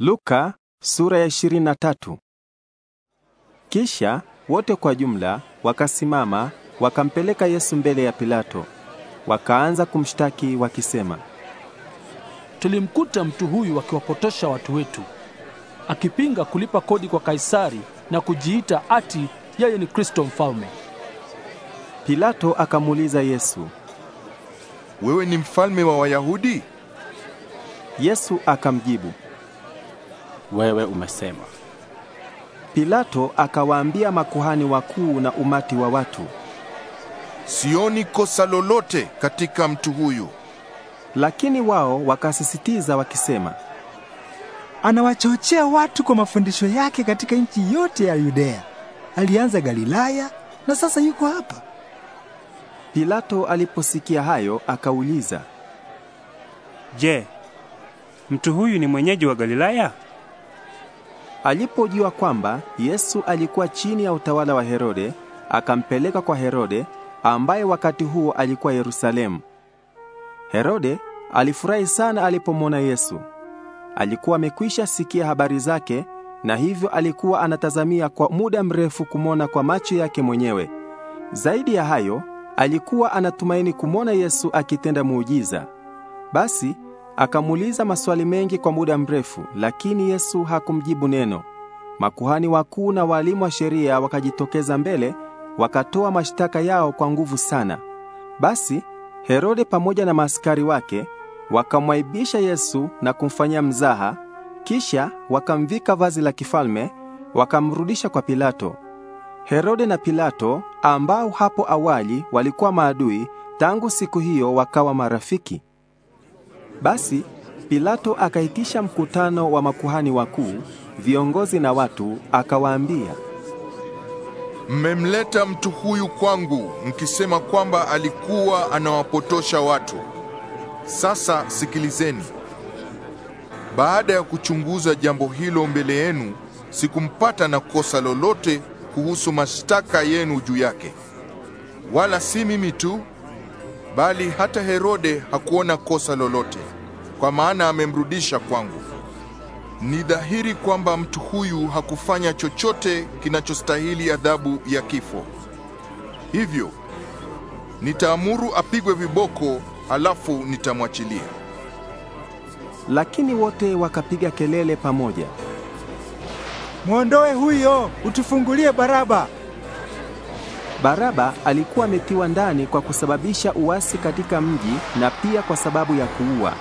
Luka sura ya 23. Kisha wote kwa jumla wakasimama wakampeleka Yesu mbele ya Pilato. Wakaanza kumshtaki wakisema, tulimkuta mtu huyu akiwapotosha watu wetu, akipinga kulipa kodi kwa Kaisari na kujiita ati yeye ni Kristo mfalme. Pilato akamuuliza Yesu, wewe ni mfalme wa Wayahudi? Yesu akamjibu wewe umesema. Pilato akawaambia makuhani wakuu na umati wa watu, sioni kosa lolote katika mtu huyu. Lakini wao wakasisitiza wakisema, anawachochea watu kwa mafundisho yake katika nchi yote ya Yudea. Alianza Galilaya na sasa yuko hapa. Pilato aliposikia hayo akauliza, Je, mtu huyu ni mwenyeji wa Galilaya? Alipojua kwamba Yesu alikuwa chini ya utawala wa Herode, akampeleka kwa Herode ambaye wakati huo alikuwa Yerusalemu. Herode alifurahi sana alipomwona Yesu. Alikuwa amekwisha sikia habari zake na hivyo alikuwa anatazamia kwa muda mrefu kumwona kwa macho yake mwenyewe. Zaidi ya hayo, alikuwa anatumaini kumwona Yesu akitenda muujiza. Basi Akamuuliza maswali mengi kwa muda mrefu, lakini Yesu hakumjibu neno. Makuhani wakuu na walimu wa sheria wakajitokeza mbele, wakatoa mashtaka yao kwa nguvu sana. Basi Herode pamoja na maaskari wake wakamwaibisha Yesu na kumfanyia mzaha, kisha wakamvika vazi la kifalme, wakamrudisha kwa Pilato. Herode na Pilato ambao hapo awali walikuwa maadui, tangu siku hiyo wakawa marafiki. Basi Pilato akaitisha mkutano wa makuhani wakuu, viongozi na watu, akawaambia, mmemleta mtu huyu kwangu mkisema kwamba alikuwa anawapotosha watu. Sasa sikilizeni. Baada ya kuchunguza jambo hilo mbele yenu, sikumpata na kosa lolote kuhusu mashtaka yenu juu yake. Wala si mimi tu bali hata Herode hakuona kosa lolote, kwa maana amemrudisha kwangu. Ni dhahiri kwamba mtu huyu hakufanya chochote kinachostahili adhabu ya kifo. Hivyo nitaamuru apigwe viboko, alafu nitamwachilia. Lakini wote wakapiga kelele pamoja, mwondoe huyo, utufungulie Baraba! Baraba alikuwa ametiwa ndani kwa kusababisha uasi katika mji na pia kwa sababu ya kuua.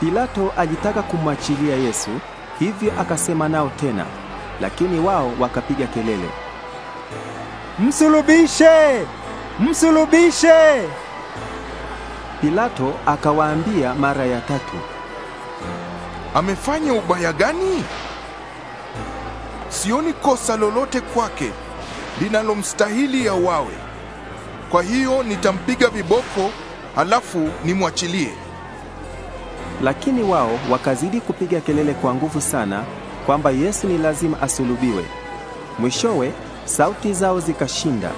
Pilato alitaka kumwachilia Yesu, hivyo akasema nao tena, lakini wao wakapiga kelele, Msulubishe! Msulubishe! Pilato akawaambia mara ya tatu, Amefanya ubaya gani? Sioni kosa lolote kwake linalomstahili auawe. Kwa hiyo nitampiga viboko, halafu nimwachilie. Lakini wao wakazidi kupiga kelele kwa nguvu sana kwamba Yesu ni lazima asulubiwe. Mwishowe sauti zao zikashinda.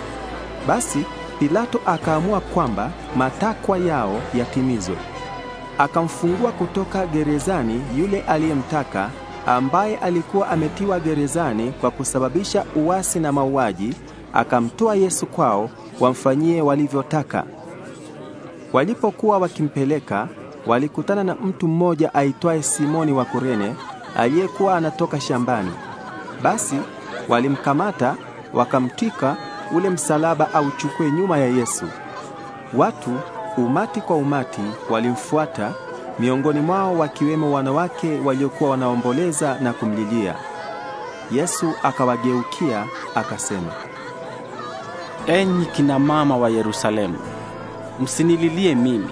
Basi Pilato akaamua kwamba matakwa yao yatimizwe. Akamfungua kutoka gerezani yule aliyemtaka ambaye alikuwa ametiwa gerezani kwa kusababisha uasi na mauaji, akamtoa Yesu kwao wamfanyie walivyotaka. Walipokuwa wakimpeleka, walikutana na mtu mmoja aitwaye Simoni wa Kurene aliyekuwa anatoka shambani. Basi walimkamata wakamtwika ule msalaba auchukue nyuma ya Yesu. Watu umati kwa umati walimfuata miongoni mwao wakiwemo wanawake waliokuwa wanaomboleza na kumlilia. Yesu akawageukia akasema, enyi kina mama wa Yerusalemu, msinililie mimi,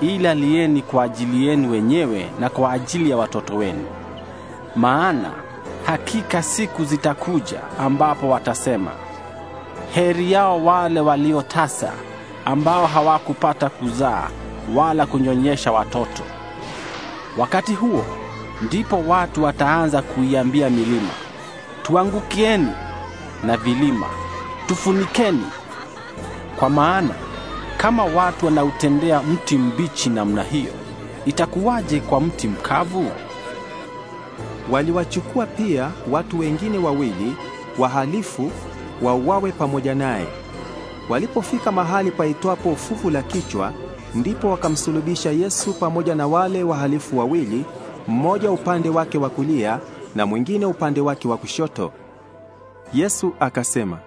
ila lieni kwa ajili yenu wenyewe na kwa ajili ya watoto wenu. Maana hakika siku zitakuja ambapo watasema, heri yao wale waliotasa ambao hawakupata kuzaa wala kunyonyesha watoto. Wakati huo ndipo watu wataanza kuiambia milima, tuangukieni, na vilima, tufunikeni. Kwa maana kama watu wanautendea mti mbichi namna hiyo, itakuwaje kwa mti mkavu? Waliwachukua pia watu wengine wawili wahalifu wauawe pamoja naye. Walipofika mahali paitwapo fuvu la kichwa, ndipo wakamsulubisha Yesu pamoja na wale wahalifu wawili, mmoja upande wake wa kulia na mwingine upande wake wa kushoto. Yesu akasema,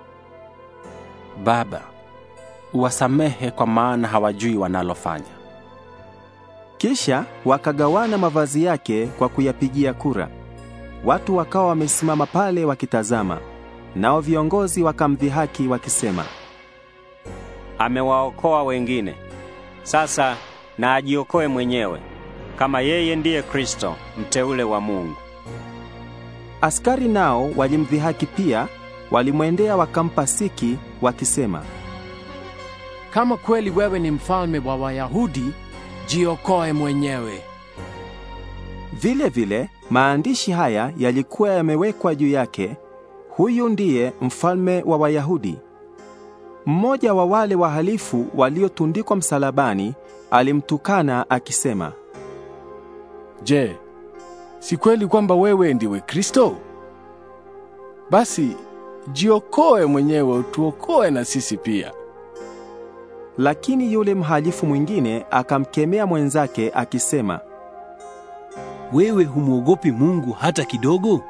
Baba, uwasamehe kwa maana hawajui wanalofanya. Kisha wakagawana mavazi yake kwa kuyapigia kura. Watu wakawa wamesimama pale wakitazama, nao viongozi wakamdhihaki wakisema, amewaokoa wengine sasa na ajiokoe mwenyewe kama yeye ndiye Kristo mteule wa Mungu. Askari nao walimdhihaki pia, walimwendea siki wakisema, kama kweli wewe ni mfalme wa Wayahudi, jiokoe mwenyewe. Vile vile maandishi haya yalikuwa yamewekwa juu yake, huyu ndiye mfalme wa Wayahudi. Mmoja wa wale wahalifu waliotundikwa msalabani alimtukana akisema, Je, si kweli kwamba wewe ndiwe Kristo? Basi jiokoe mwenyewe utuokoe na sisi pia. Lakini yule mhalifu mwingine akamkemea mwenzake akisema, wewe humwogopi Mungu hata kidogo?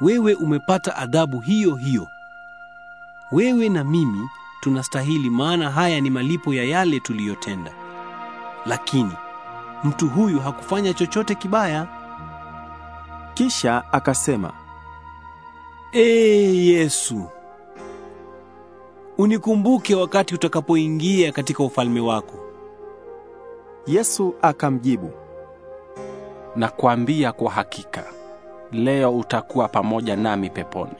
Wewe umepata adhabu hiyo hiyo wewe na mimi tunastahili, maana haya ni malipo ya yale tuliyotenda. Lakini mtu huyu hakufanya chochote kibaya. Kisha akasema, Ee Yesu, unikumbuke wakati utakapoingia katika ufalme wako. Yesu akamjibu, nakwambia kwa hakika, leo utakuwa pamoja nami peponi.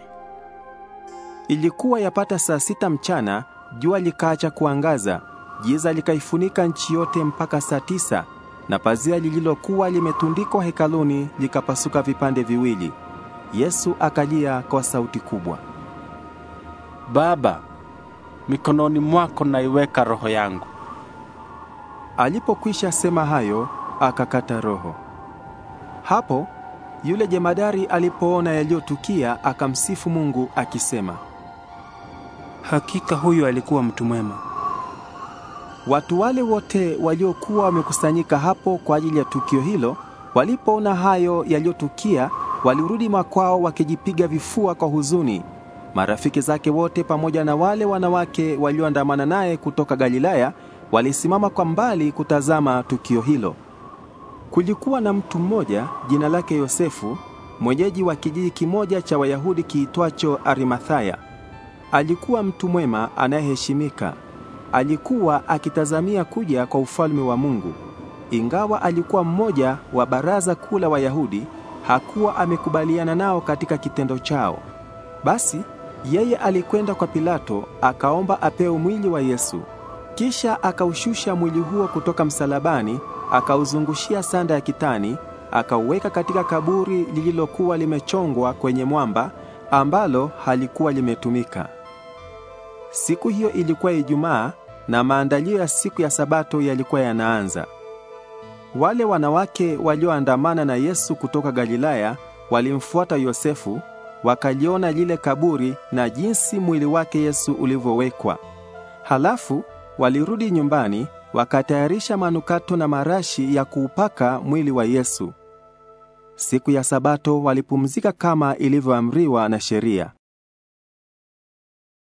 Ilikuwa yapata saa sita mchana, jua likaacha kuangaza, giza likaifunika nchi yote mpaka saa tisa, na pazia lililokuwa limetundikwa hekaluni likapasuka vipande viwili. Yesu akalia kwa sauti kubwa, Baba, mikononi mwako naiweka roho yangu. Alipokwisha sema hayo, akakata roho. Hapo yule jemadari alipoona yaliyotukia, akamsifu Mungu akisema Hakika huyu alikuwa mtu mwema. Watu wale wote waliokuwa wamekusanyika hapo kwa ajili ya tukio hilo, walipoona hayo yaliyotukia, walirudi makwao wakijipiga vifua kwa huzuni. Marafiki zake wote pamoja na wale wanawake walioandamana naye kutoka Galilaya walisimama kwa mbali kutazama tukio hilo. Kulikuwa na mtu mmoja jina lake Yosefu, mwenyeji wa kijiji kimoja cha Wayahudi kiitwacho Arimathaya. Alikuwa mtu mwema anayeheshimika. Alikuwa akitazamia kuja kwa ufalme wa Mungu. Ingawa alikuwa mmoja wa baraza kuu la Wayahudi, hakuwa amekubaliana nao katika kitendo chao. Basi yeye alikwenda kwa Pilato akaomba apewe mwili wa Yesu. Kisha akaushusha mwili huo kutoka msalabani, akauzungushia sanda ya kitani, akauweka katika kaburi lililokuwa limechongwa kwenye mwamba ambalo halikuwa limetumika. Siku hiyo ilikuwa Ijumaa na maandalio ya siku ya Sabato yalikuwa yanaanza. Wale wanawake walioandamana na Yesu kutoka Galilaya walimfuata Yosefu, wakaliona lile kaburi na jinsi mwili wake Yesu ulivyowekwa. Halafu walirudi nyumbani, wakatayarisha manukato na marashi ya kuupaka mwili wa Yesu. Siku ya Sabato walipumzika kama ilivyoamriwa na sheria.